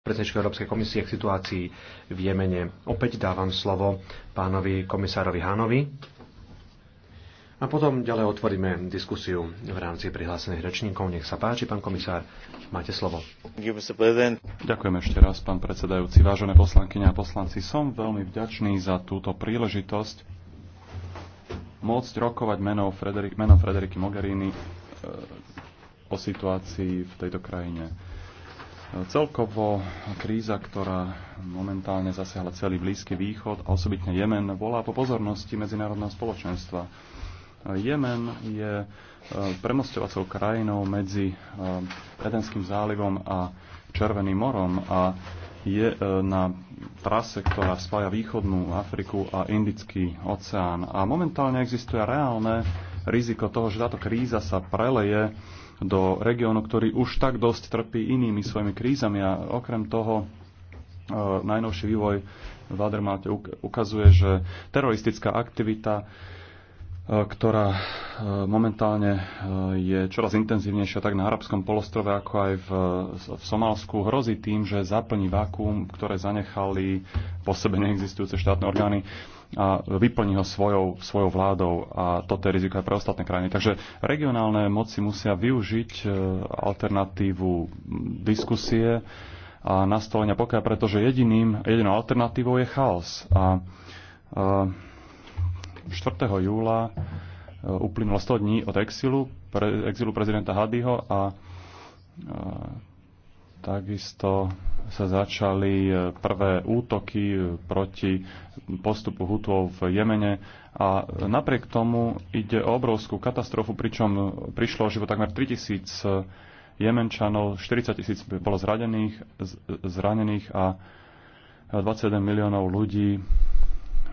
predsednička Európskej komisie k situácii v Jemene. Opäť dávam slovo pánovi komisárovi Hanovi. A potom ďalej otvoríme diskusiu v rámci prihlásených rečníkov. Nech sa páči, pán komisár, máte slovo. Ďakujem ešte raz, pán predsedajúci. Vážené poslankyne a poslanci, som veľmi vďačný za túto príležitosť môcť rokovať menom, Frederik, menom Frederiky Mogherini eh, o situácii v tejto krajine. Celkovo kríza, ktorá momentálne zasiahla celý Blízky východ a osobitne Jemen, volá po pozornosti medzinárodného spoločenstva. Jemen je e, premostovacou krajinou medzi Edenským zálivom a Červeným morom a je e, na trase, ktorá spája východnú Afriku a Indický oceán. A momentálne existuje reálne riziko toho, že táto kríza sa preleje do regiónu, ktorý už tak dosť trpí inými svojimi krízami a okrem toho e, najnovší vývoj v Adermáte ukazuje, že teroristická aktivita ktorá e, momentálne e, je čoraz intenzívnejšia tak na arabskom polostrove, ako aj v, v Somálsku, hrozí tým, že zaplní vákuum, ktoré zanechali po sebe neexistujúce štátne orgány a vyplní ho svojou, svojou vládou a toto je riziko aj pre ostatné krajiny. Takže regionálne moci musia využiť e, alternatívu diskusie a nastolenia pokoja, pretože jediným, jedinou alternatívou je chaos. A, a 4. júla e, uplynulo 100 dní od exilu, pre, exilu prezidenta Hadiho a e, takisto sa začali e, prvé útoky proti postupu Hutov v Jemene a napriek tomu ide o obrovskú katastrofu, pričom prišlo o život takmer 3000 Jemenčanov, 40 tisíc bolo zradených, zranených a 27 miliónov ľudí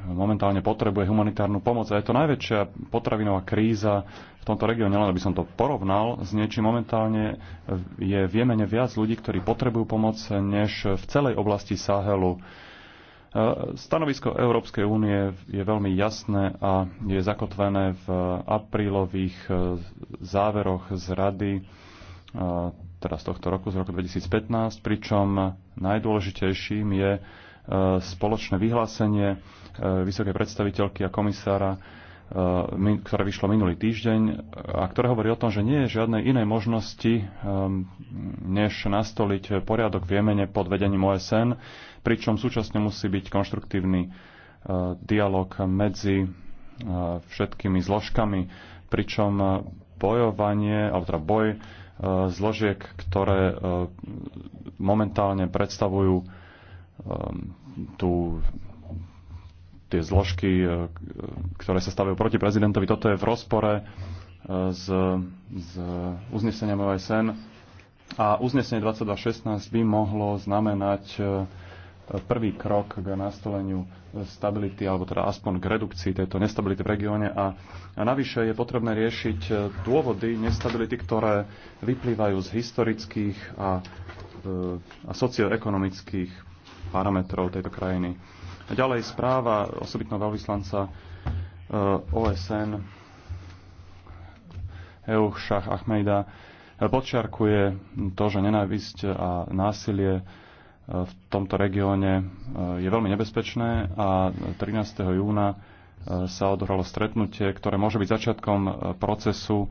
momentálne potrebuje humanitárnu pomoc. A je to najväčšia potravinová kríza v tomto regióne, len aby som to porovnal s niečím. Momentálne je v Jemene viac ľudí, ktorí potrebujú pomoc, než v celej oblasti Sahelu. E, stanovisko Európskej únie je veľmi jasné a je zakotvené v aprílových e, záveroch z Rady e, teraz tohto roku, z roku 2015, pričom najdôležitejším je spoločné vyhlásenie e, vysokej predstaviteľky a komisára, e, ktoré vyšlo minulý týždeň e, a ktoré hovorí o tom, že nie je žiadnej inej možnosti, než nastoliť poriadok v Jemene pod vedením OSN, pričom súčasne musí byť konštruktívny dialog medzi všetkými zložkami, pričom bojovanie, alebo teda boj zložiek, ktoré momentálne predstavujú Ehm, tú, tie zložky, e, ktoré sa stavajú proti prezidentovi, toto je v rozpore e, s, s uzneseniem OSN a uznesenie 2216 by mohlo znamenať e, prvý krok k nastoleniu stability, alebo teda aspoň k redukcii tejto nestability v regióne. A, a navyše je potrebné riešiť dôvody nestability, ktoré vyplývajú z historických a, a socioekonomických parametrov tejto krajiny. A ďalej správa osobitného veľvyslanca e, OSN EU Šach Ahmejda e, podčiarkuje to, že nenávisť a násilie e, v tomto regióne je veľmi nebezpečné a 13. júna sa odohralo stretnutie, ktoré môže byť začiatkom procesu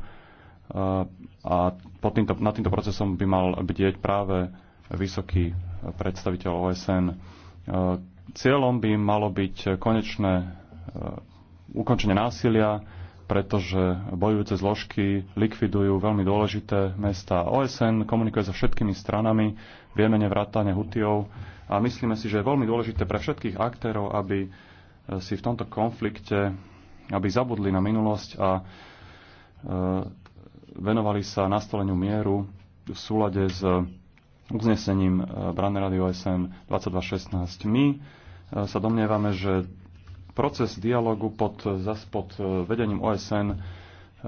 a pod týmto, nad týmto procesom by mal bdieť práve vysoký predstaviteľ OSN. E, cieľom by malo byť konečné e, ukončenie násilia, pretože bojujúce zložky likvidujú veľmi dôležité mesta. OSN komunikuje so všetkými stranami, vieme nevrátane Hutiov a myslíme si, že je veľmi dôležité pre všetkých aktérov, aby e, si v tomto konflikte, aby zabudli na minulosť a venovali sa nastoleniu mieru v súlade s uznesením Brane Rady OSN 2216. My e, sa domnievame, že proces dialogu pod, pod e, vedením OSN e,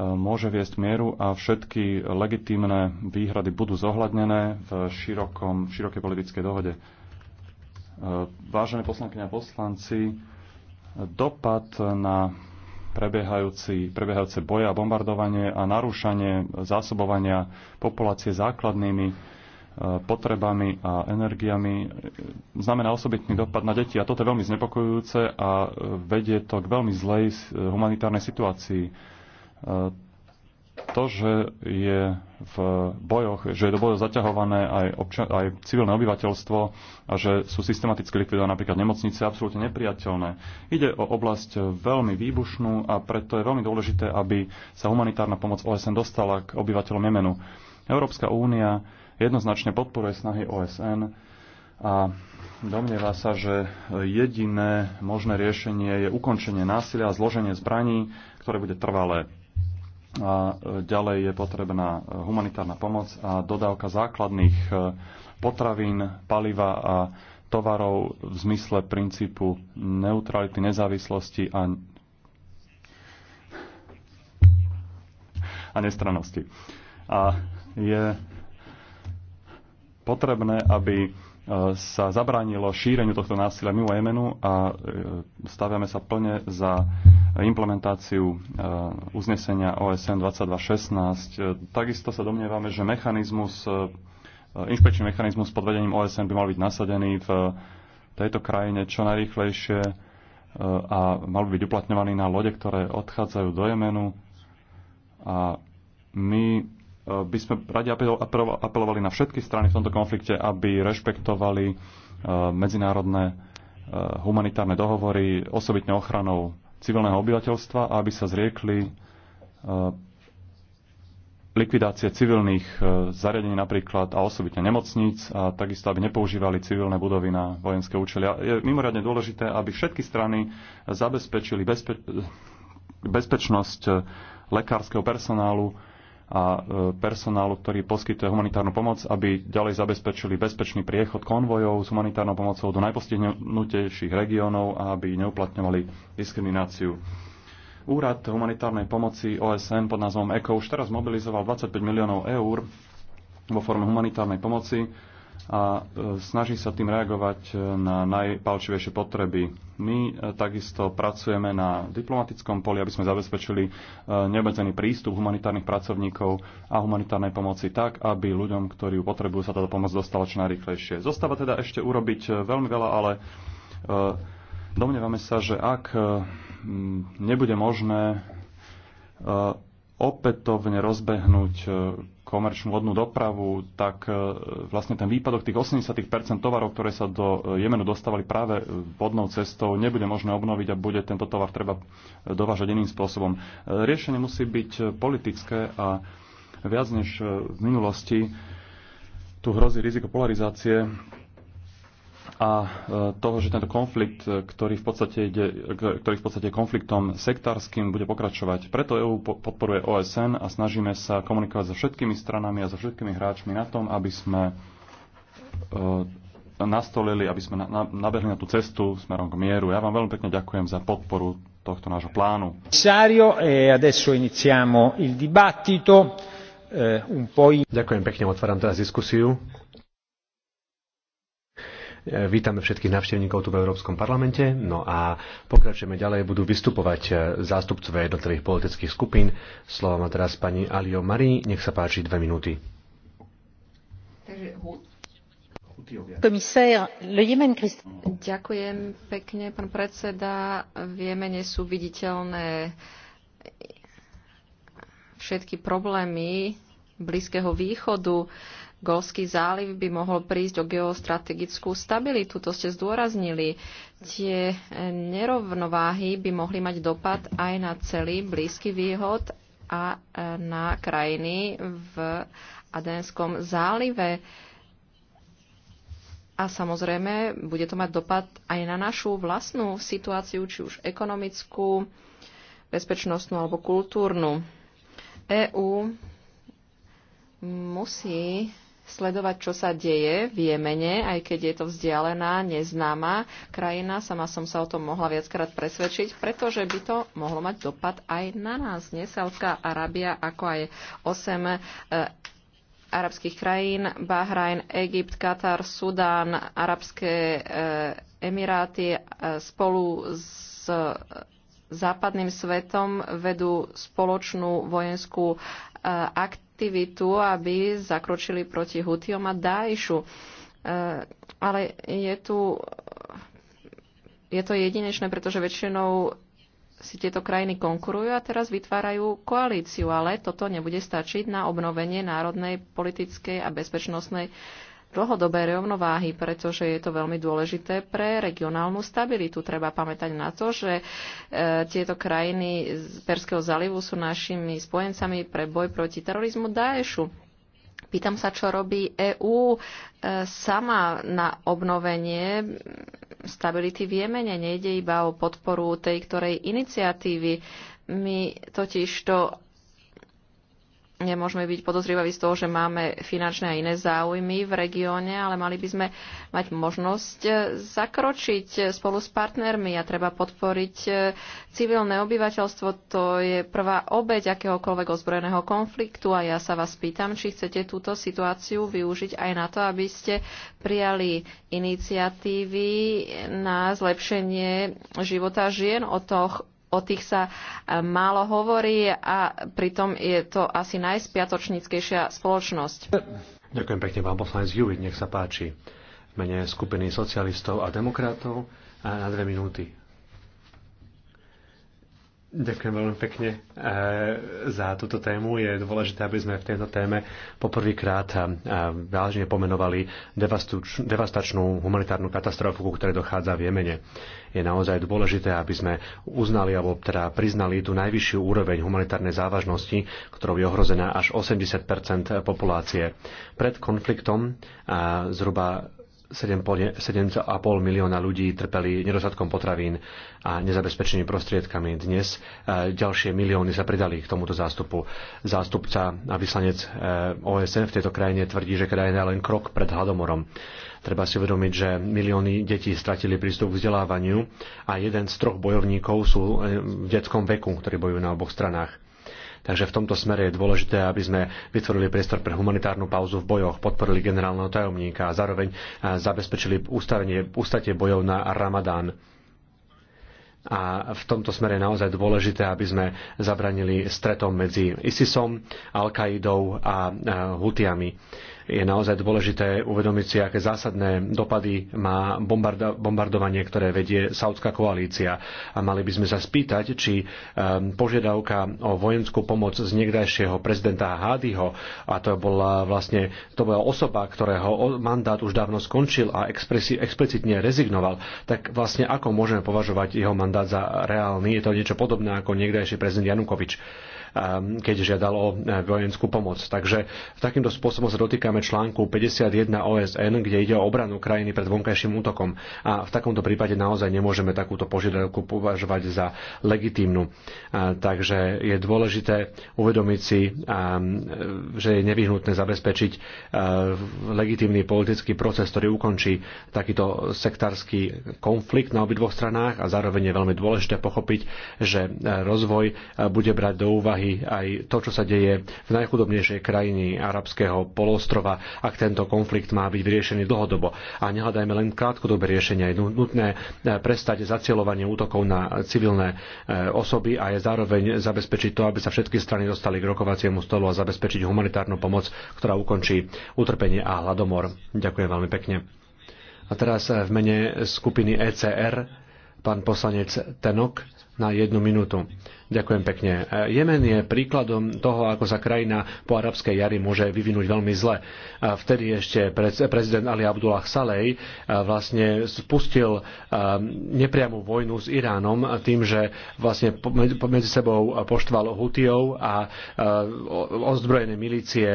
môže viesť mieru a všetky legitímne výhrady budú zohľadnené v, širokom, v širokej politickej dohode. Vážené poslankyne a poslanci, dopad na prebiehajúce boje a bombardovanie a narúšanie zásobovania populácie základnými potrebami a energiami znamená osobitný dopad na deti a toto je veľmi znepokojujúce a vedie to k veľmi zlej humanitárnej situácii. E, to, že je v bojoch, že je do bojov zaťahované aj, obča- aj civilné obyvateľstvo a že sú systematicky likvidované napríklad nemocnice, absolútne nepriateľné. Ide o oblasť veľmi výbušnú a preto je veľmi dôležité, aby sa humanitárna pomoc OSN dostala k obyvateľom Jemenu. Európska únia jednoznačne podporuje snahy OSN a domnieva sa, že jediné možné riešenie je ukončenie násilia a zloženie zbraní, ktoré bude trvalé. A e, ďalej je potrebná humanitárna pomoc a dodávka základných e, potravín, paliva a tovarov v zmysle princípu neutrality, nezávislosti a, a nestrannosti. A je potrebné, aby e, sa zabránilo šíreniu tohto násilia mimo Jemenu a e, staviame sa plne za implementáciu e, uznesenia OSN 2216. Takisto sa domnievame, že mechanizmus, inšpekčný mechanizmus pod vedením OSN by mal byť nasadený v tejto krajine čo najrýchlejšie a mal by byť uplatňovaný na lode, ktoré odchádzajú do Jemenu. A my by sme radi apelovali na všetky strany v tomto konflikte, aby rešpektovali e, medzinárodné e, humanitárne dohovory, osobitne ochranou civilného obyvateľstva a aby sa zriekli e, likvidácie civilných zariadení napríklad a osobitne nemocníc a takisto, aby nepoužívali civilné budovy na vojenské účely. A je mimoriadne dôležité, aby všetky strany zabezpečili bezpe- bezpečnosť lekárskeho personálu a e, personálu, ktorý poskytuje humanitárnu pomoc, aby ďalej zabezpečili bezpečný priechod konvojov s humanitárnou pomocou do najpostihnutejších regiónov a aby neuplatňovali diskrimináciu. Úrad humanitárnej pomoci OSN pod názvom ECO už teraz mobilizoval 25 miliónov eur vo forme humanitárnej pomoci a e, snaží sa tým reagovať e, na najpalčivejšie potreby. My e, takisto pracujeme na diplomatickom poli, aby sme zabezpečili neobmedzený prístup humanitárnych pracovníkov a humanitárnej pomoci tak, aby ľuďom, ktorí ju potrebujú, sa táto pomoc dostala čo najrychlejšie. Zostáva teda ešte urobiť veľmi veľa, ale domnievame sa, že ak nebude možné opätovne rozbehnúť komerčnú vodnú dopravu, tak e, vlastne ten výpadok tých 80 tovarov, ktoré sa do Jemenu dostávali práve e, vodnou cestou, nebude možné obnoviť a bude tento tovar treba e, dovážať iným spôsobom. Riešenie musí byť politické a viac než v minulosti tu hrozí riziko polarizácie a e, toho, že tento konflikt, e, ktorý v podstate, ide, e, ktorý v podstate je konfliktom sektárskym, bude pokračovať. Preto EÚ podporuje OSN a snažíme sa komunikovať so všetkými stranami a so všetkými hráčmi na tom, aby sme nastolili, aby sme nabehli na tú cestu smerom k mieru. Ja vám veľmi pekne ďakujem za podporu tohto nášho plánu. Ďakujem pekne, otváram teraz diskusiu. E, vítame všetkých návštevníkov tu v Európskom parlamente. No a pokračujeme ďalej, budú vystupovať e, zástupcové jednotlivých politických skupín. Slovo má teraz pani Alio Marie, nech sa páči dve minúty. Ďakujem pekne, pán predseda. V Jemene sú viditeľné všetky problémy Blízkeho východu Golský záliv by mohol prísť o geostrategickú stabilitu. To ste zdôraznili. Tie e, nerovnováhy by mohli mať dopad aj na celý Blízky výhod a e, na krajiny v Adenskom zálive. A samozrejme, bude to mať dopad aj na našu vlastnú situáciu, či už ekonomickú, bezpečnostnú alebo kultúrnu. EÚ musí sledovať, čo sa deje v Jemene, aj keď je to vzdialená, neznáma krajina. Sama som sa o tom mohla viackrát presvedčiť, pretože by to mohlo mať dopad aj na nás. Nesávská Arábia, ako aj 8 e, arabských krajín, Bahrajn, Egypt, Katar, Sudán, Arabské e, Emiráty e, spolu s západným svetom vedú spoločnú vojenskú aktivitu aktivitu, aby zakročili proti Hutiom a Dáišu. E, ale je tu je to jedinečné, pretože väčšinou si tieto krajiny konkurujú a teraz vytvárajú koalíciu, ale toto nebude stačiť na obnovenie národnej politickej a bezpečnostnej dlhodobé rovnováhy, pretože je to veľmi dôležité pre regionálnu stabilitu. Treba pamätať na to, že e, tieto krajiny z Perského zálivu sú našimi spojencami pre boj proti terorizmu Daešu. Pýtam sa, čo robí EÚ e, sama na obnovenie stability v Jemene. Nejde iba o podporu tej ktorej iniciatívy. My totiž to nemôžeme byť podozrievaví z toho, že máme finančné a iné záujmy v regióne, ale mali by sme mať možnosť e, zakročiť spolu s partnermi a treba podporiť e, civilné obyvateľstvo. To je prvá obeď akéhokoľvek ozbrojeného konfliktu a ja sa vás pýtam, či chcete túto situáciu využiť aj na to, aby ste prijali iniciatívy na zlepšenie života žien. O, toho o tých sa e, málo hovorí a pritom je to asi najspiatočníckejšia spoločnosť. Ďakujem pekne vám, poslanec Juvid, nech sa páči. mene skupiny socialistov a demokratov a na dve minúty Ďakujem veľmi pekne eh, za túto tému. Je dôležité, aby sme v tejto téme poprvýkrát eh, vážne pomenovali devastačnú humanitárnu katastrofu, ku ktorej dochádza v Jemene. Je naozaj dôležité, aby sme uznali alebo teda priznali tú najvyššiu úroveň humanitárnej závažnosti, ktorou je ohrozená až 80 populácie. Pred konfliktom eh, zhruba 7,5 milióna ľudí trpeli nedostatkom potravín a nezabezpečenými prostriedkami. Dnes e, ďalšie milióny sa pridali k tomuto zástupu. Zástupca a vyslanec e, OSN v tejto krajine tvrdí, že krajina je len krok pred hladomorom. Treba si uvedomiť, že milióny detí stratili prístup k vzdelávaniu a jeden z troch bojovníkov sú e, v detskom veku, ktorí bojujú na oboch stranách. Takže v tomto smere je dôležité, aby sme vytvorili priestor pre humanitárnu pauzu v bojoch, podporili generálneho tajomníka a zároveň eh, zabezpečili ustavenie, ustatie bojov na Ramadán. A v tomto smere je naozaj dôležité, aby sme zabranili stretom medzi ISISom, Al-Kaidou a eh, Hutiami je naozaj dôležité uvedomiť si, aké zásadné dopady má bombardovanie, ktoré vedie Saudská koalícia. A mali by sme sa spýtať, či e, požiadavka o vojenskú pomoc z niekdajšieho prezidenta Hádyho, a to bola vlastne to bola osoba, ktorého mandát už dávno skončil a explicitne rezignoval, tak vlastne ako môžeme považovať jeho mandát za reálny? Je to niečo podobné ako niekdajší prezident Janukovič keď žiadal o e, vojenskú pomoc. Takže takýmto spôsobom sa dotýkame článku 51 OSN, kde ide o obranu krajiny pred vonkajším útokom. A v takomto prípade naozaj nemôžeme takúto požiadavku považovať za legitímnu. Takže je dôležité uvedomiť si, že je nevyhnutné zabezpečiť legitímny politický proces, ktorý ukončí takýto sektársky konflikt na obidvoch stranách a zároveň je veľmi dôležité pochopiť, že e, rozvoj e, bude brať do úvahy úvahy aj to, čo sa deje v najchudobnejšej krajine arabského polostrova, ak tento konflikt má byť vyriešený dlhodobo. A nehľadajme len krátkodobé riešenia. Je nutné eh, prestať zacielovanie útokov na eh, civilné eh, osoby a je zároveň zabezpečiť to, aby sa všetky strany dostali k rokovaciemu stolu a zabezpečiť humanitárnu pomoc, ktorá ukončí utrpenie a hladomor. Ďakujem veľmi pekne. A teraz v mene skupiny ECR pán poslanec Tenok na jednu minútu. Ďakujem pekne. Jemen je príkladom toho, ako sa krajina po arabskej jari môže vyvinúť veľmi zle. Vtedy ešte prezident Ali Abdullah Saleh vlastne spustil nepriamu vojnu s Iránom tým, že vlastne medzi sebou poštval Hutijov a ozbrojené milície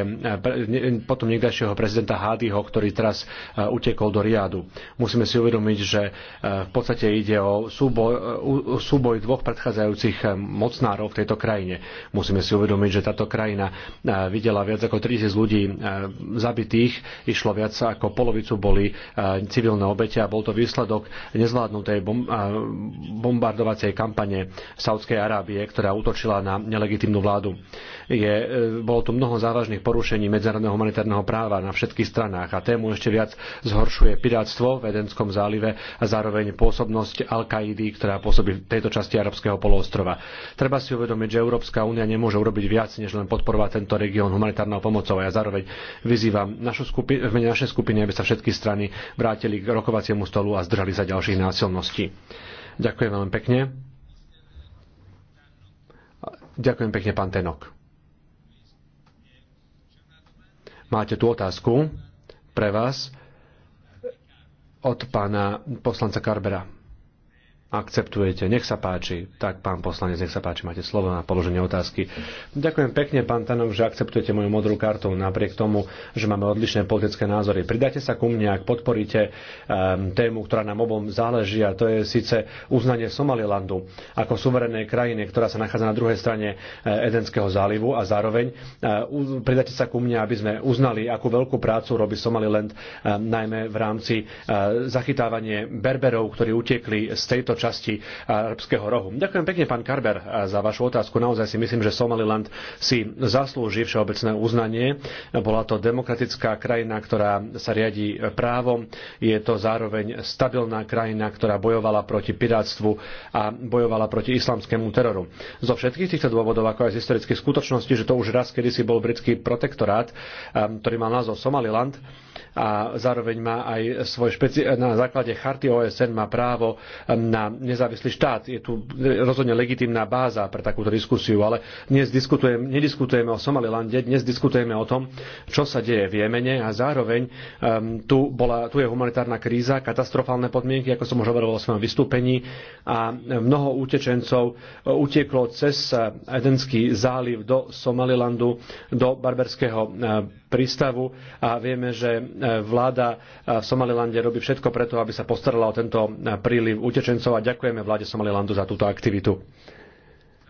potom niekdajšieho prezidenta Hadiho, ktorý teraz utekol do Riadu. Musíme si uvedomiť, že v podstate ide o súboj, súboj dvoch predchádzajúcich mocnárov v tejto krajine. Musíme si uvedomiť, že táto krajina eh, videla viac ako 3000 ľudí eh, zabitých, išlo viac ako polovicu boli eh, civilné obete a bol to výsledok nezvládnutej bombardovacej kampane Saudskej Arábie, ktorá útočila na nelegitímnu vládu. Je, bolo tu mnoho závažných porušení medzinárodného humanitárneho práva na všetkých stranách a tému ešte viac zhoršuje pirátstvo v Edenskom zálive a zároveň pôsobnosť Al-Kaidy, ktorá pôsobí v tejto časti arabského poloostrova. Treba si uvedomiť, že Európska únia nemôže urobiť viac, než len podporovať tento región humanitárnou pomocou. A ja zároveň vyzývam našu skupi- v mene našej skupiny, aby sa všetky strany vrátili k rokovaciemu stolu a zdržali sa ďalších násilností. Ďakujem veľmi pekne. Ďakujem pekne, pán Tenok. Máte tu otázku pre vás od pána poslanca Karbera akceptujete. Nech sa páči. Tak, pán poslanec, nech sa páči, máte slovo na položenie otázky. Ďakujem pekne, pán Tanov, že akceptujete moju modrú kartu napriek tomu, že máme odlišné politické názory. Pridajte sa ku mne, ak podporíte um, tému, ktorá nám obom záleží, a to je síce uznanie Somalilandu ako suverenej krajiny, ktorá sa nachádza na druhej strane e, Edenského zálivu a zároveň e, uh, pridajte sa ku mne, aby sme uznali, akú veľkú prácu robí Somaliland, um, najmä v rámci uh, zachytávanie Berberov, ktorí utekli z tejto časti e, Arabského rohu. Ďakujem pekne, pán Karber, e, za vašu otázku. Naozaj si myslím, že Somaliland si zaslúži všeobecné uznanie. Bola to demokratická krajina, ktorá sa riadi právom. Je to zároveň stabilná krajina, ktorá bojovala proti pirátstvu a bojovala proti islamskému teroru. Zo všetkých týchto dôvodov, ako aj z historických skutočností, že to už raz kedysi bol britský protektorát, e, ktorý mal názov Somaliland, a zároveň má aj svoj špeci- na základe charty OSN má právo um, na nezávislý štát. Je tu rozhodne legitimná báza pre takúto diskusiu, ale dnes diskutujem, nediskutujeme o Somalilande, dnes diskutujeme o tom, čo sa deje v Jemene a zároveň um, tu, bola, tu je humanitárna kríza, katastrofálne podmienky, ako som už hovoril vo svojom vystúpení a mnoho utečencov uh, utieklo cez Edenský uh, záliv do Somalilandu, do barberského uh, prístavu a vieme, že e, vláda e, v Somalilande robí všetko preto, aby sa postarala o tento e, príliv utečencov a ďakujeme vláde Somalilandu za túto aktivitu.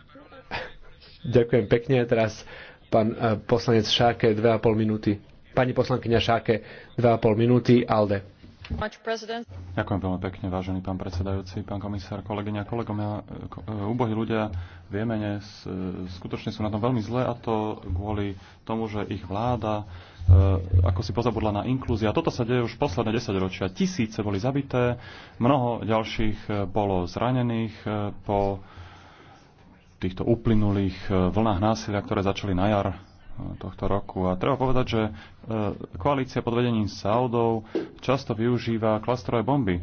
Ďakujem pekne. Teraz pán poslanec Šáke, 2,5 minúty. Pani poslankyňa Šáke, 2,5 minúty. Alde. Ďakujem veľmi pekne, vážený pán predsedajúci, pán komisár, kolegyňa, kolegovia. Ubohí ľudia v Jemene e, skutočne sú na tom veľmi zle a to kvôli tomu, že ich vláda e, ako si pozabudla na a Toto sa deje už posledné 10 ročia. Tisíce boli zabité, mnoho ďalších e, bolo zranených po týchto uplynulých vlnách násilia, ktoré začali na jar tohto roku. A treba povedať, že koalícia pod vedením Saudov často využíva klastrové bomby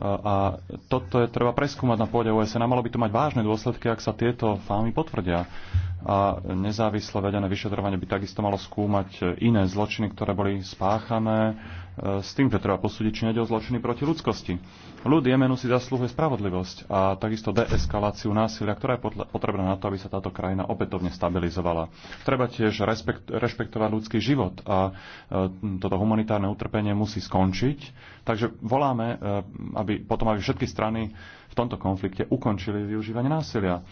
a toto je treba preskúmať na pôde OSN a malo by to mať vážne dôsledky, ak sa tieto fámy potvrdia a nezávisle vedené vyšetrovanie by takisto malo skúmať iné zločiny, ktoré boli spáchané e, s tým, že treba posúdiť, či nejde o zločiny proti ľudskosti. Ľud Jemenu si zaslúhuje spravodlivosť a takisto deeskaláciu násilia, ktorá je potrebná na to, aby sa táto krajina opätovne stabilizovala. Treba tiež respekt, rešpektovať ľudský život a e, toto humanitárne utrpenie musí skončiť. Takže voláme, e, aby potom aby všetky strany v tomto konflikte ukončili využívanie násilia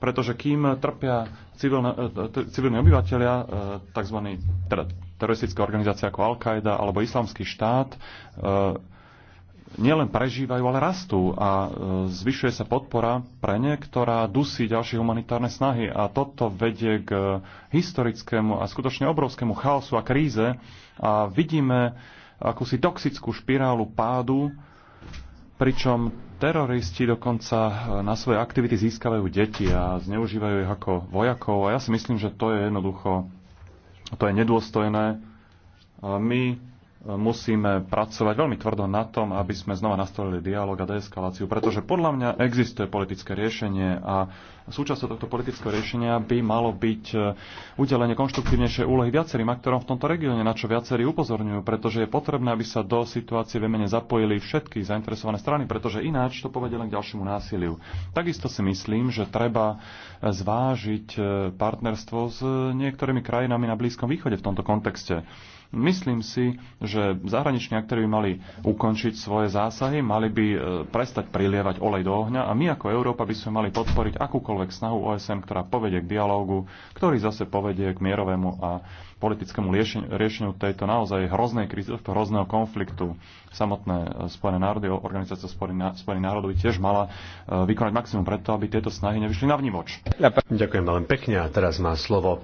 pretože kým trpia civilne, eh, civilní obyvateľia, eh, tzv. teroristické teda teroristická organizácia ako al qaeda alebo Islamský štát, eh, nielen prežívajú, ale rastú a zvyšuje sa podpora pre ne, ktorá dusí ďalšie humanitárne snahy. A toto vedie k historickému a skutočne obrovskému chaosu a kríze. A vidíme akúsi toxickú špirálu pádu, pričom teroristi dokonca e, na svoje aktivity získavajú deti a zneužívajú ich ako vojakov a ja si myslím, že to je jednoducho, to je nedôstojné. E, my musíme pracovať veľmi tvrdo na tom, aby sme znova nastolili dialog a deeskaláciu, pretože podľa mňa existuje politické riešenie a súčasťou tohto politického riešenia by malo byť eh, udelenie konštruktívnejšej úlohy viacerým aktorom v tomto regióne, na čo viacerí upozorňujú, pretože je potrebné, aby sa do situácie v zapojili všetky zainteresované strany, pretože ináč to povedie len k ďalšiemu násiliu. Takisto si myslím, že treba eh, zvážiť eh, partnerstvo s niektorými krajinami na Blízkom východe v tomto kontexte Myslím si, že zahraniční aktéry by mali ukončiť svoje zásahy, mali by e, prestať prilievať olej do ohňa a my ako Európa by sme mali podporiť akúkoľvek snahu OSN, ktorá povedie k dialógu, ktorý zase povedie k mierovému a politickému riešeniu tejto naozaj hroznej krízy, tohto hrozného konfliktu. Samotné e, Spojené národy, organizácia Spojených národov by tiež mala e, vykonať maximum preto, aby tieto snahy nevyšli na vnívoč. Ďakujem veľmi pekne a teraz má slovo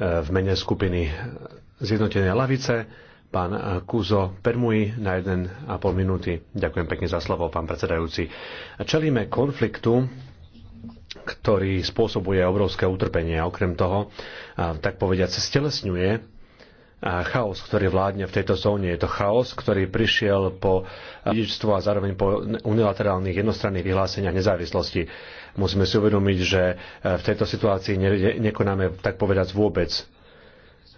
v mene skupiny zjednotenej lavice, pán Kuzo Permui na 1,5 minúty. Ďakujem pekne za slovo, pán predsedajúci. Čelíme konfliktu, ktorý spôsobuje obrovské utrpenie a okrem toho, tak povediať, stelesňuje chaos, ktorý vládne v tejto zóne. Je to chaos, ktorý prišiel po dedičstvu a zároveň po unilaterálnych jednostranných vyhláseniach nezávislosti. Musíme si uvedomiť, že v tejto situácii nekonáme tak povedať vôbec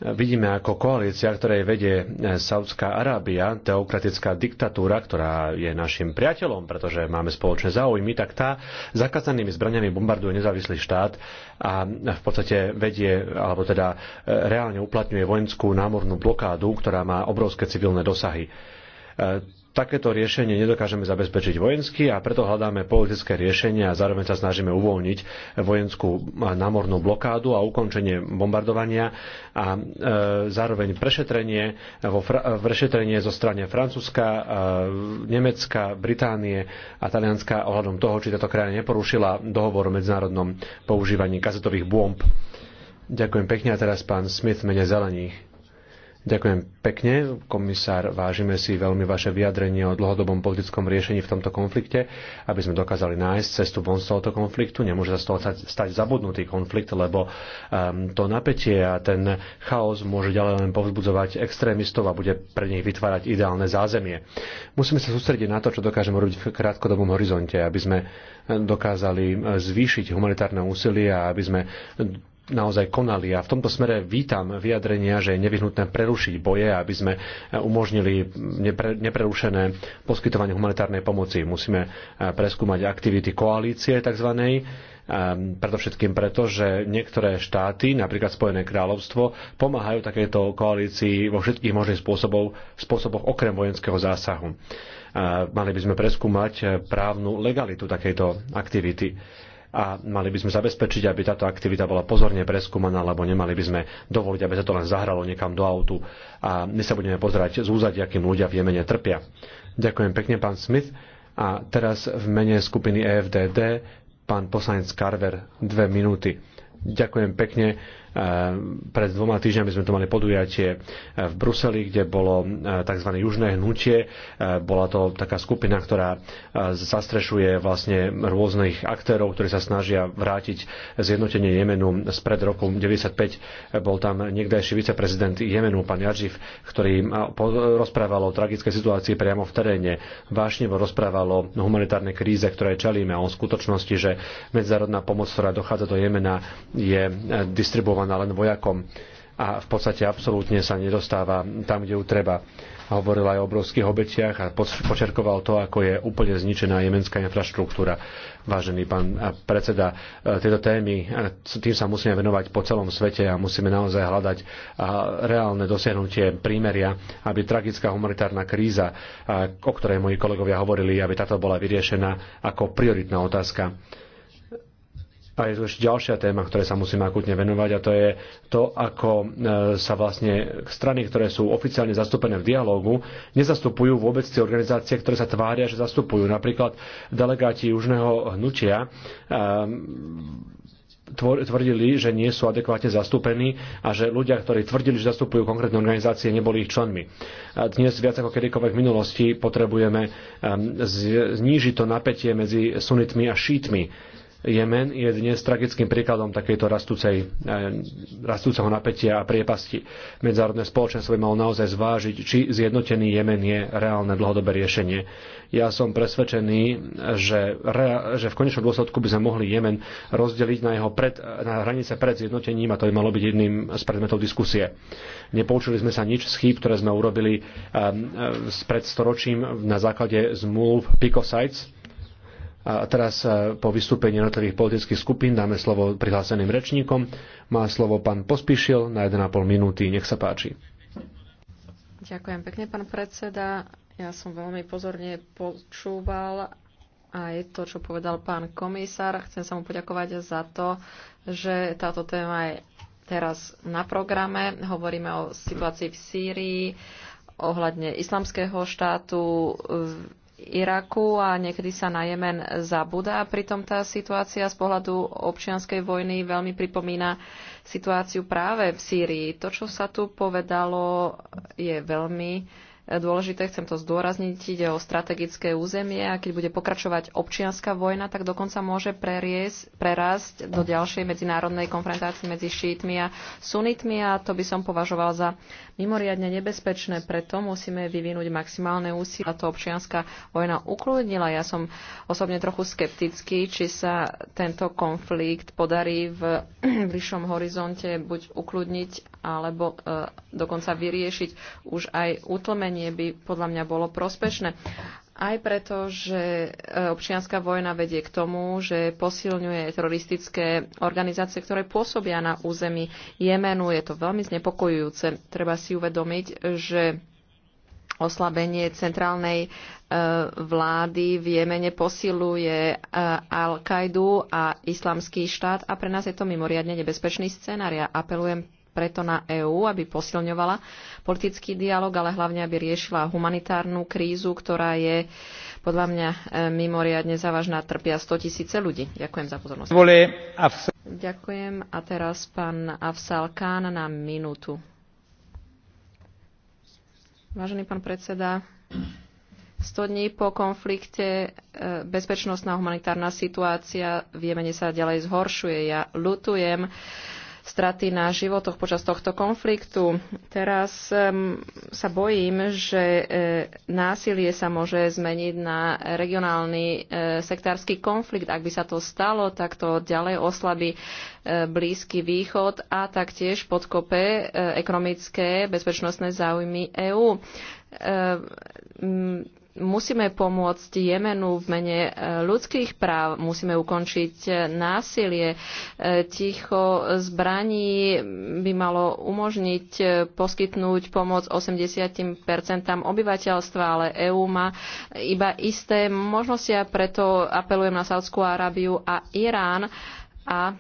Vidíme ako koalícia, ktorej vedie e, Saudská Arábia, teokratická diktatúra, ktorá je našim priateľom, pretože máme spoločné záujmy, tak tá zakázanými zbraniami bombarduje nezávislý štát a v podstate vedie, alebo teda e, reálne uplatňuje vojenskú námornú blokádu, ktorá má obrovské civilné dosahy e, takéto riešenie nedokážeme zabezpečiť vojensky a preto hľadáme politické riešenie a zároveň sa snažíme uvoľniť vojenskú námornú blokádu a ukončenie bombardovania a e, zároveň prešetrenie, vo fra- prešetrenie zo strany Francúzska, e, Nemecka, Británie a Talianska ohľadom toho, či táto krajina neporušila dohovor o medzinárodnom používaní kazetových bomb. Ďakujem pekne a teraz pán Smith mene zelených. Ďakujem pekne, komisár. Vážime si veľmi vaše vyjadrenie o dlhodobom politickom riešení v tomto konflikte, aby sme dokázali nájsť cestu von z tohoto konfliktu. Nemôže sa z toho stať zabudnutý konflikt, lebo um, to napätie a ten chaos môže ďalej len povzbudzovať extrémistov a bude pre nich vytvárať ideálne zázemie. Musíme sa sústrediť na to, čo dokážeme robiť v krátkodobom horizonte, aby sme eh, dokázali eh, zvýšiť humanitárne úsilie a aby sme eh, naozaj konali. A v tomto smere vítam vyjadrenia, že je nevyhnutné prerušiť boje, aby sme umožnili nepre, neprerušené poskytovanie humanitárnej pomoci. Musíme e, preskúmať aktivity koalície tzv. E, predovšetkým preto, že niektoré štáty, napríklad Spojené kráľovstvo, pomáhajú takéto koalícii vo všetkých možných spôsobov, spôsoboch okrem vojenského zásahu. E, mali by sme preskúmať právnu legalitu takejto aktivity a mali by sme zabezpečiť, aby táto aktivita bola pozorne preskúmaná, lebo nemali by sme dovoliť, aby sa to len zahralo niekam do autu a my sa budeme pozerať z úzadia, akým ľudia v Jemene trpia. Ďakujem pekne, pán Smith. A teraz v mene skupiny EFDD pán poslanec Carver dve minúty. Ďakujem pekne Eh, pred dvoma týždňami sme tu mali podujatie eh, v Bruseli, kde bolo eh, tzv. južné hnutie. Bola to taká skupina, ktorá zastrešuje vlastne rôznych aktérov, ktorí sa snažia vrátiť zjednotenie Jemenu spred roku 95. Bol tam niekdajší viceprezident Jemenu, pán Jarživ, ktorý rozprával o tragické situácii priamo v teréne. Vášnevo rozprával o humanitárnej kríze, ktoré čelíme a o skutočnosti, že medzárodná pomoc, ktorá dochádza do Jemena, je distribuovaná venovaná len vojakom a v podstate absolútne sa nedostáva tam, kde ju treba. Hovoril aj o obrovských obetiach a počerkoval to, ako je úplne zničená jemenská infraštruktúra. Vážený pán predseda, e, tieto témy, tým sa musíme venovať po celom svete a musíme naozaj hľadať reálne dosiahnutie prímeria, aby tragická humanitárna kríza, o ktorej moji kolegovia hovorili, aby táto bola vyriešená ako prioritná otázka a je tu ešte ďalšia téma, ktoré sa musíme akutne venovať a to je to, ako e, sa vlastne strany, ktoré sú oficiálne zastúpené v dialógu, nezastupujú vôbec tie organizácie, ktoré sa tvária, že zastupujú. Napríklad delegáti južného hnutia e, tvrdili, že nie sú adekvátne zastúpení a že ľudia, ktorí tvrdili, že zastupujú konkrétne organizácie, neboli ich členmi. A dnes viac ako kedykoľvek v minulosti potrebujeme e, znížiť to napätie medzi sunitmi a šítmi Jemen je dnes tragickým príkladom takejto rastúcej, eh, rastúceho napätia a priepasti. Medzárodné spoločenstvo by malo naozaj zvážiť, či zjednotený Jemen je reálne dlhodobé riešenie. Ja som presvedčený, že, rea, že v konečnom dôsledku by sme mohli Jemen rozdeliť na, jeho pred, na hranice pred zjednotením a to by malo byť jedným z predmetov diskusie. Nepoučili sme sa nič z chýb, ktoré sme urobili um, um, pred storočím na základe zmluv Picosites, a teraz e, po vystúpení jednotlivých politických skupín dáme slovo prihláseným rečníkom. Má slovo pán Pospíšil na 1,5 minúty. Nech sa páči. Ďakujem pekne, pán predseda. Ja som veľmi pozorne počúval aj to, čo povedal pán komisár. Chcem sa mu poďakovať za to, že táto téma je teraz na programe. Hovoríme o situácii v Sýrii, ohľadne islamského štátu, Iraku a niekedy sa na Jemen zabúda. Pritom tá situácia z pohľadu občianskej vojny veľmi pripomína situáciu práve v Sýrii. To, čo sa tu povedalo, je veľmi dôležité, chcem to zdôrazniť, ide o strategické územie a keď bude pokračovať občianská vojna, tak dokonca môže preriesť, prerásť do ďalšej medzinárodnej konfrontácie medzi šítmi a sunitmi a to by som považoval za mimoriadne nebezpečné. Preto musíme vyvinúť maximálne úsilie. A to občianská vojna ukludnila. Ja som osobne trochu skeptický, či sa tento konflikt podarí v bližšom horizonte buď ukludniť alebo e, dokonca vyriešiť. Už aj utlmenie by podľa mňa bolo prospešné. Aj preto, že e, občianská vojna vedie k tomu, že posilňuje teroristické organizácie, ktoré pôsobia na území Jemenu. Je to veľmi znepokojujúce. Treba si uvedomiť, že oslabenie centrálnej e, vlády v Jemene posiluje Al-Kaidu a islamský štát a pre nás je to mimoriadne nebezpečný scenár. Ja apelujem preto na EÚ, aby posilňovala politický dialog, ale hlavne, aby riešila humanitárnu krízu, ktorá je podľa mňa e, mimoriadne závažná, trpia 100 tisíce ľudí. Ďakujem za pozornosť. Ďakujem a teraz pán Afsal Kán na minútu. Vážený pán predseda, 100 dní po konflikte e, bezpečnostná humanitárna situácia v Jemene sa ďalej zhoršuje. Ja lutujem straty na životoch počas tohto konfliktu. Teraz sa bojím, že e, násilie sa môže zmeniť na regionálny e, sektársky konflikt. Ak by sa to stalo, tak to ďalej oslabí e, Blízky východ a taktiež podkope ekonomické bezpečnostné záujmy EÚ musíme pomôcť Jemenu v mene e, ľudských práv, musíme ukončiť e, násilie. E, ticho zbraní by malo umožniť poskytnúť pomoc 80% obyvateľstva, ale EÚ má iba isté možnosti a preto apelujem na Saudskú Arábiu a Irán a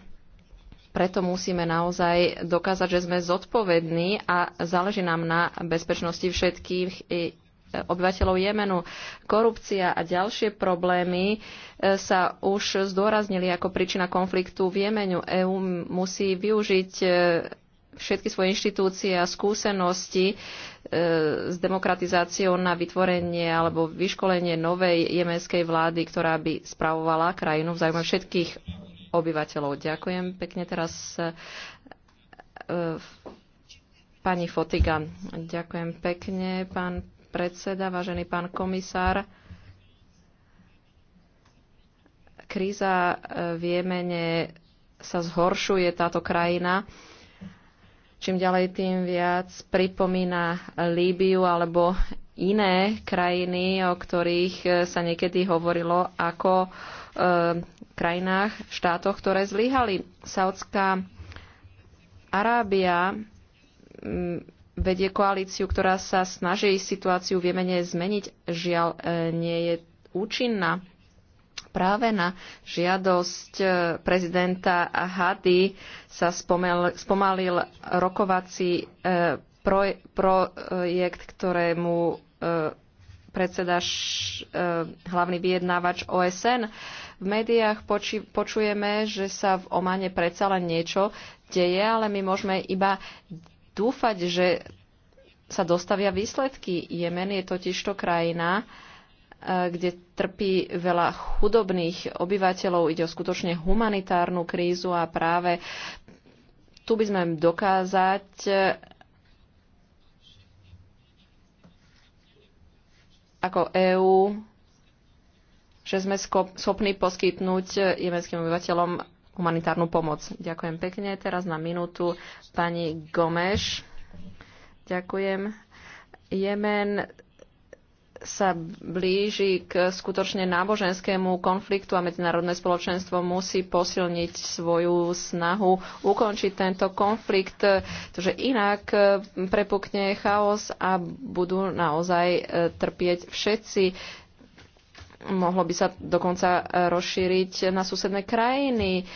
preto musíme naozaj dokázať, že sme zodpovední a záleží nám na bezpečnosti všetkých obyvateľov Jemenu. Korupcia a ďalšie problémy e, sa už zdôraznili ako príčina konfliktu v Jemenu. EÚ musí využiť e, všetky svoje inštitúcie a skúsenosti e, s demokratizáciou na vytvorenie alebo vyškolenie novej jemenskej vlády, ktorá by spravovala krajinu v všetkých obyvateľov. Ďakujem pekne teraz pani Fotigan. Ďakujem pekne, pán predseda, vážený pán komisár. Kríza e, v Jemene sa zhoršuje táto krajina. Čím ďalej, tým viac pripomína Líbiu alebo iné krajiny, o ktorých e, sa niekedy hovorilo ako e, krajinách, štátoch, ktoré zlyhali. Saudská Arábia vedie koalíciu, ktorá sa snaží situáciu v Jemene zmeniť. Žiaľ, e, nie je účinná. Práve na žiadosť e, prezidenta Hady sa spomel, spomalil rokovací e, pro, projekt, ktorému predseda hlavný vyjednávač OSN. V médiách poči, počujeme, že sa v Omane predsa len niečo deje, ale my môžeme iba dúfať, že sa dostavia výsledky. Jemen je totiž to krajina, e, kde trpí veľa chudobných obyvateľov. Ide o skutočne humanitárnu krízu a práve tu by sme dokázať e, ako EÚ, že sme schopní poskytnúť jemenským obyvateľom humanitárnu pomoc. Ďakujem pekne. Teraz na minútu pani Gomeš. Ďakujem. Jemen sa blíži k skutočne náboženskému konfliktu a medzinárodné spoločenstvo musí posilniť svoju snahu ukončiť tento konflikt, pretože inak prepukne chaos a budú naozaj e, trpieť všetci Mohlo by sa dokonca e, rozšíriť na susedné krajiny.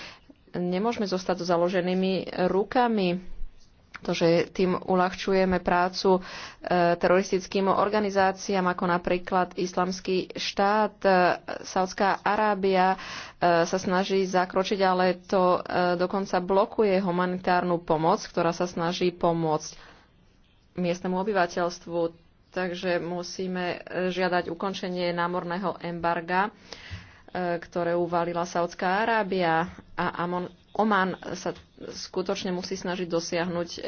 Nemôžeme zostať založenými rukami. To, že tým uľahčujeme prácu e, teroristickým organizáciám, ako napríklad Islamský štát, e, Saudská Arábia sa snaží zakročiť, ale to dokonca blokuje humanitárnu pomoc, ktorá sa snaží pomôcť miestnemu obyvateľstvu takže musíme e, žiadať ukončenie námorného embarga, e, ktoré uvalila Saudská Arábia a Amon, Oman sa skutočne musí snažiť dosiahnuť e,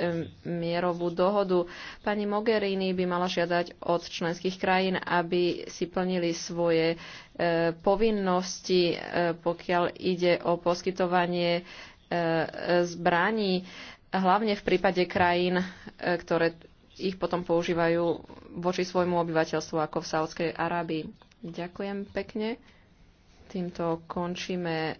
mierovú dohodu. Pani Mogherini by mala žiadať od členských krajín, aby si plnili svoje povinnosti, pokiaľ ide o poskytovanie zbraní hlavne v prípade krajín, ktoré ich potom používajú voči svojmu obyvateľstvu ako v Saudskej Arábii. Ďakujem pekne. Týmto končíme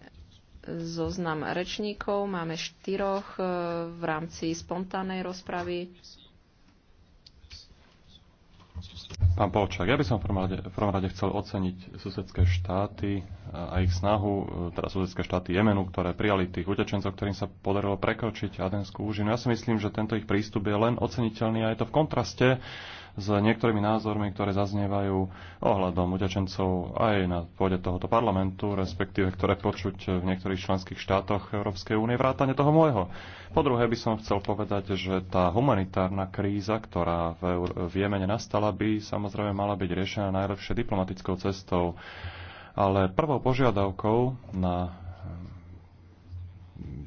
zoznam rečníkov. Máme štyroch eh, v rámci spontánnej rozpravy. Pán Polčák, ja by som v prvom rade, v prvom rade chcel oceniť susedské štáty a ich snahu, e, teda susedské štáty Jemenu, ktoré prijali tých utečencov, ktorým sa podarilo prekročiť Adenskú úžinu. Ja si myslím, že tento ich prístup je len oceniteľný a je to v kontraste s niektorými názormi, ktoré zaznievajú ohľadom utečencov aj na pôde tohoto parlamentu, respektíve ktoré počuť v niektorých členských štátoch Európskej únie, vrátane toho môjho. Po druhé by som chcel povedať, že tá humanitárna kríza, ktorá v, Eur- v Jemene nastala, by samozrejme mala byť riešená najlepšie diplomatickou cestou. Ale prvou požiadavkou na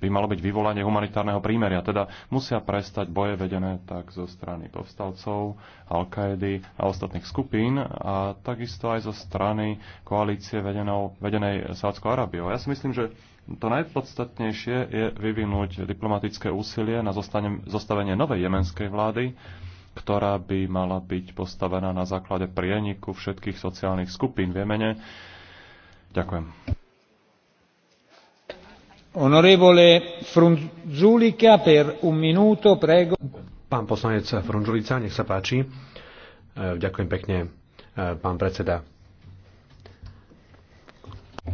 by malo byť vyvolanie humanitárneho prímeria. Teda musia prestať boje vedené tak zo strany povstalcov, Al-Kaedy a ostatných skupín a takisto aj zo strany koalície vedenou, vedenej Sádskou Arábiou. Ja si myslím, že to najpodstatnejšie je vyvinúť diplomatické úsilie na zostavenie novej jemenskej vlády, ktorá by mala byť postavená na základe prieniku všetkých sociálnych skupín v Jemene. Ďakujem. Pán poslanec Frunzulica, nech sa páči. E, ďakujem pekne, e, pán predseda.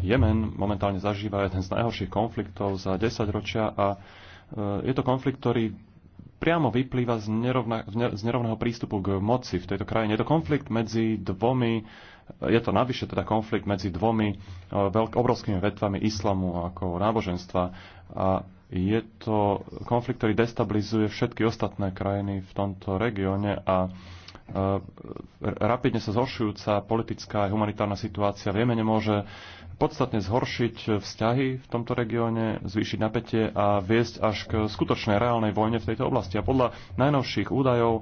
Jemen momentálne zažíva jeden z najhorších konfliktov za 10 ročia a e, je to konflikt, ktorý priamo vyplýva z, nerovna, z nerovného prístupu k moci v tejto krajine. Je to konflikt medzi dvomi, je to navyše teda konflikt medzi dvomi e, veľk, obrovskými vetvami islamu ako náboženstva a je to konflikt, ktorý destabilizuje všetky ostatné krajiny v tomto regióne a e, rapidne sa zhoršujúca politická a humanitárna situácia v Jemene môže podstatne zhoršiť vzťahy v tomto regióne, zvýšiť napätie a viesť až k skutočnej reálnej vojne v tejto oblasti. A podľa najnovších údajov e,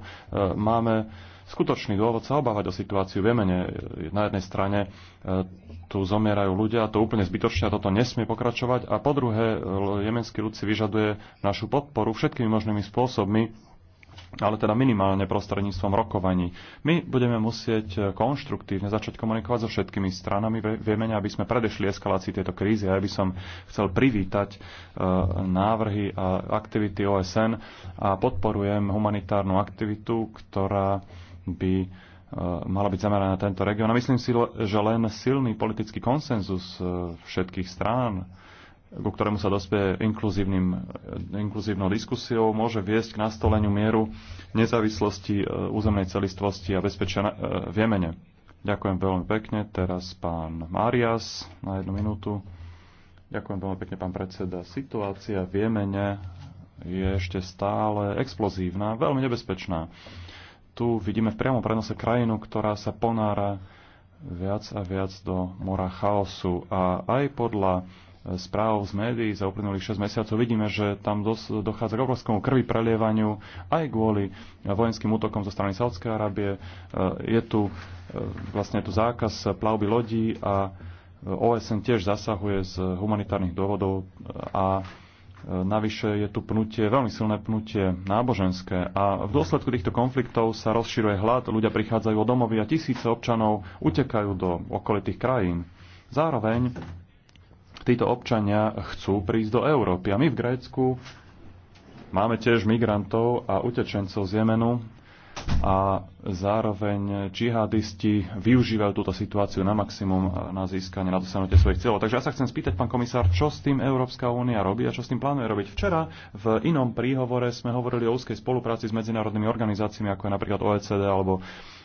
máme skutočný dôvod sa obávať o situáciu v Jemene. E, na jednej strane e, tu zomierajú ľudia, to úplne zbytočne a toto nesmie pokračovať. A po druhé, jemenský ľud si vyžaduje našu podporu všetkými možnými spôsobmi, ale teda minimálne prostredníctvom rokovaní. My budeme musieť eh, konštruktívne začať komunikovať so všetkými stranami v Jemene, aby sme predešli eskalácii tejto krízy. Ja by som chcel privítať eh, návrhy a aktivity OSN a podporujem humanitárnu aktivitu, ktorá by eh, mala byť zameraná na tento región. A myslím si, že len silný politický konsenzus všetkých strán ku ktorému sa dospie inkluzívnou diskusiou, môže viesť k nastoleniu mieru nezávislosti e, územnej celistvosti a bezpečia e, v Jemene. Ďakujem veľmi pekne. Teraz pán Marias na jednu minútu. Ďakujem veľmi pekne, pán predseda. Situácia v Jemene je ešte stále explozívna, veľmi nebezpečná. Tu vidíme v priamom prenose krajinu, ktorá sa ponára viac a viac do mora chaosu. A aj podľa správ z médií za uplynulých 6 mesiacov vidíme, že tam dochádza k obrovskému krvi prelievaniu aj kvôli vojenským útokom zo strany Saudskej Arábie. E, je tu e, vlastne tu zákaz plavby lodí a e, OSN tiež zasahuje z humanitárnych dôvodov a Navyše je tu pnutie, veľmi silné pnutie náboženské a v dôsledku týchto konfliktov sa rozširuje hlad, ľudia prichádzajú o domovy a tisíce občanov utekajú do okolitých krajín. Zároveň títo občania chcú prísť do Európy. A my v Grécku máme tiež migrantov a utečencov z Jemenu a zároveň džihadisti využívajú túto situáciu na maximum na získanie, na dosiahnutie svojich cieľov. Takže ja sa chcem spýtať, pán komisár, čo s tým Európska únia robí a čo s tým plánuje robiť. Včera v inom príhovore sme hovorili o úzkej spolupráci s medzinárodnými organizáciami, ako je napríklad OECD alebo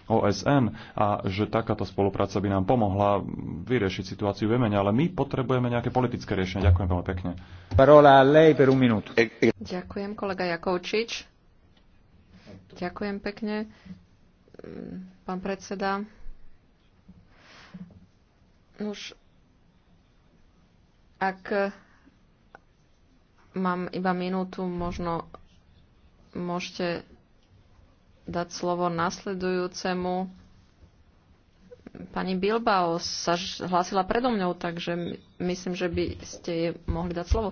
OSN a že takáto spolupráca by nám pomohla vyriešiť situáciu v Jemene, ale my potrebujeme nejaké politické riešenie. Ďakujem veľmi pekne. Parola lei per un minuto. Ďakujem, kolega Jakovčič. Ďakujem pekne, pán predseda. Už ak mám iba minútu, možno môžete dať slovo nasledujúcemu. Pani Bilbao sa hlásila predo mňou, takže myslím, že by ste jej mohli dať slovo.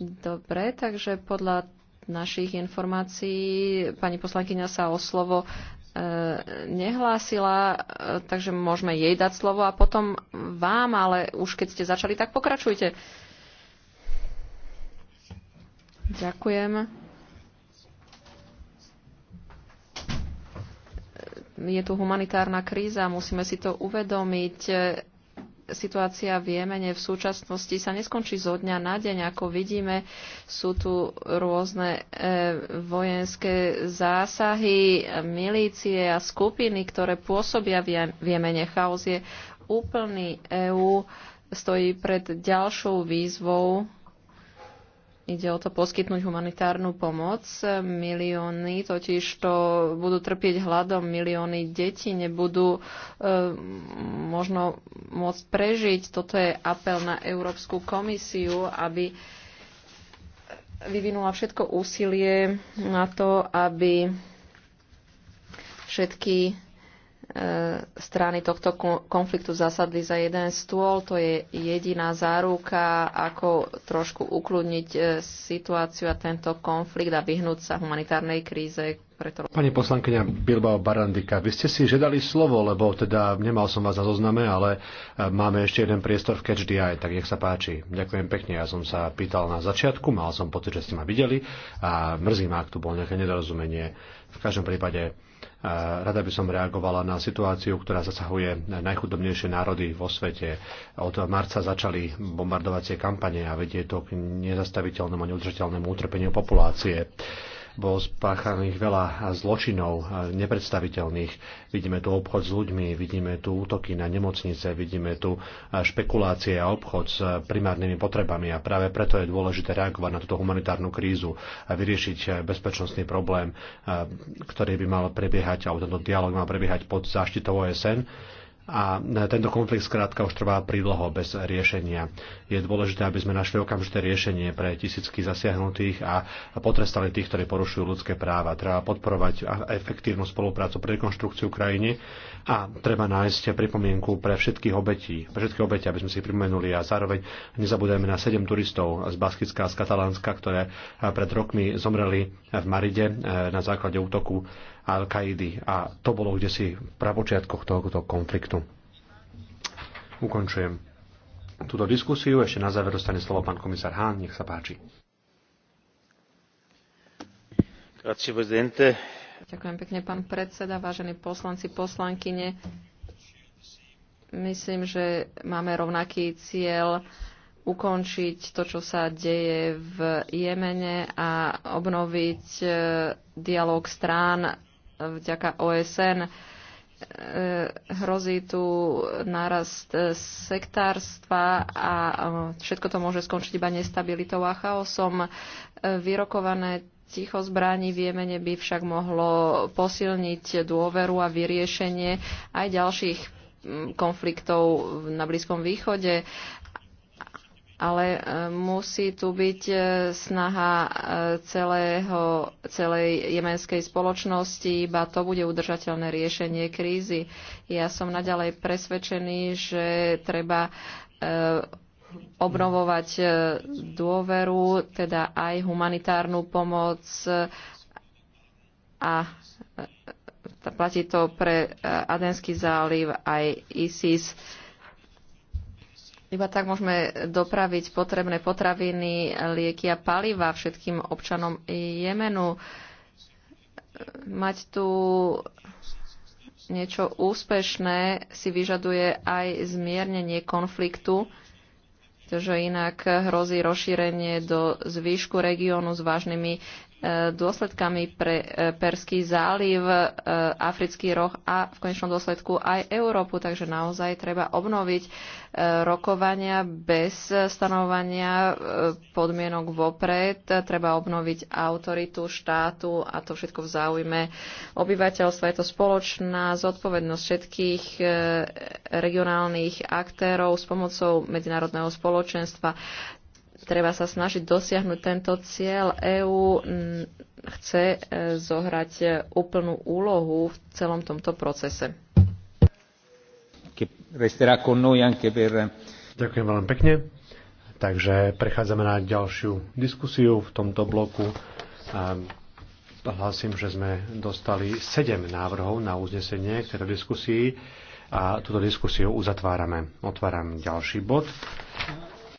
Dobre, takže podľa našich informácií pani poslankyňa sa o slovo e, nehlásila, e, takže môžeme jej dať slovo a potom vám, ale už keď ste začali, tak pokračujte. Ďakujem. Je tu humanitárna kríza, musíme si to uvedomiť. E, situácia v Jemene v súčasnosti sa neskončí zo dňa na deň. Ako vidíme, sú tu rôzne e, vojenské zásahy, milície a skupiny, ktoré pôsobia v Jemene. Chaos je úplný. EÚ e stojí pred ďalšou výzvou Ide o to poskytnúť humanitárnu pomoc. Milióny totiž to budú trpieť hladom, milióny detí nebudú e, možno môcť prežiť. Toto je apel na Európsku komisiu, aby vyvinula všetko úsilie na to, aby všetky E, strany tohto konfliktu zasadli za jeden stôl. To je jediná záruka, ako trošku ukludniť e, situáciu a tento konflikt a vyhnúť sa humanitárnej kríze. Preto... Pani poslankyňa Bilbao Barandika, vy ste si žiadali slovo, lebo teda nemal som vás na zozname, ale e, máme ešte jeden priestor v Catch DI, tak nech sa páči. Ďakujem pekne, ja som sa pýtal na začiatku, mal som pocit, že ste ma videli a mrzí ma, ak tu bol nejaké nedorozumenie. V každom prípade Rada by som reagovala na situáciu, ktorá zasahuje najchudobnejšie národy vo svete. Od marca začali bombardovacie kampane a vedie to k nezastaviteľnému a neudržateľnému utrpeniu populácie bolo spáchaných veľa zločinov e, nepredstaviteľných. Vidíme tu obchod s ľuďmi, vidíme tu útoky na nemocnice, vidíme tu e, špekulácie a obchod s e, primárnymi potrebami a práve preto je dôležité reagovať na túto humanitárnu krízu a vyriešiť bezpečnostný problém, ktorý by mal prebiehať, alebo tento dialog mal prebiehať pod záštitou OSN a tento konflikt skrátka už trvá prídloho bez riešenia. Je dôležité, aby sme našli okamžité riešenie pre tisícky zasiahnutých a potrestali tých, ktorí porušujú ľudské práva. Treba podporovať efektívnu spoluprácu pre rekonštrukciu krajiny a treba nájsť pripomienku pre všetkých obetí, pre všetky obetí, aby sme si pripomenuli a zároveň nezabudujeme na sedem turistov z Baskická a z Katalánska, ktoré pred rokmi zomreli v Maride e, na základe útoku al A to bolo kde si v prapočiatkoch tohoto konfliktu. Ukončujem túto diskusiu. Ešte na záver dostane slovo pán komisár Hahn. Nech sa páči. Ďakujem pekne, pán predseda, vážení poslanci, poslankyne. Myslím, že máme rovnaký cieľ ukončiť to, čo sa deje v Jemene a obnoviť eh, dialog strán vďaka OSN. E, hrozí tu nárast e, sektárstva a e, všetko to môže skončiť iba nestabilitou a chaosom. Vyrokované ticho zbraní v Jemene by však mohlo posilniť dôveru a vyriešenie aj ďalších konfliktov na Blízkom východe ale e, musí tu byť e, snaha e, celého, celej jemenskej spoločnosti, iba to bude udržateľné riešenie krízy. Ja som naďalej presvedčený, že treba obnovovať dôveru, teda aj humanitárnu pomoc a platí to pre Adenský záliv aj ISIS iba tak môžeme dopraviť potrebné potraviny, lieky a paliva všetkým občanom Jemenu. Mať tu niečo úspešné si vyžaduje aj zmiernenie konfliktu, pretože inak hrozí rozšírenie do zvýšku regiónu s vážnymi dôsledkami pre e, Perský záliv, e, Africký roh a v konečnom dôsledku aj Európu. Takže naozaj treba obnoviť e, rokovania bez stanovania podmienok vopred. Treba obnoviť autoritu štátu a to všetko v záujme obyvateľstva. Je to spoločná zodpovednosť všetkých regionálnych aktérov s pomocou medzinárodného spoločenstva treba sa snažiť dosiahnuť tento cieľ. EÚ chce e, zohrať e, úplnú úlohu v celom tomto procese. Ďakujem veľmi pekne. Takže prechádzame na ďalšiu diskusiu v tomto bloku. Hlasím, že sme dostali 7 návrhov na uznesenie k tejto diskusii a túto diskusiu uzatvárame. Otváram ďalší bod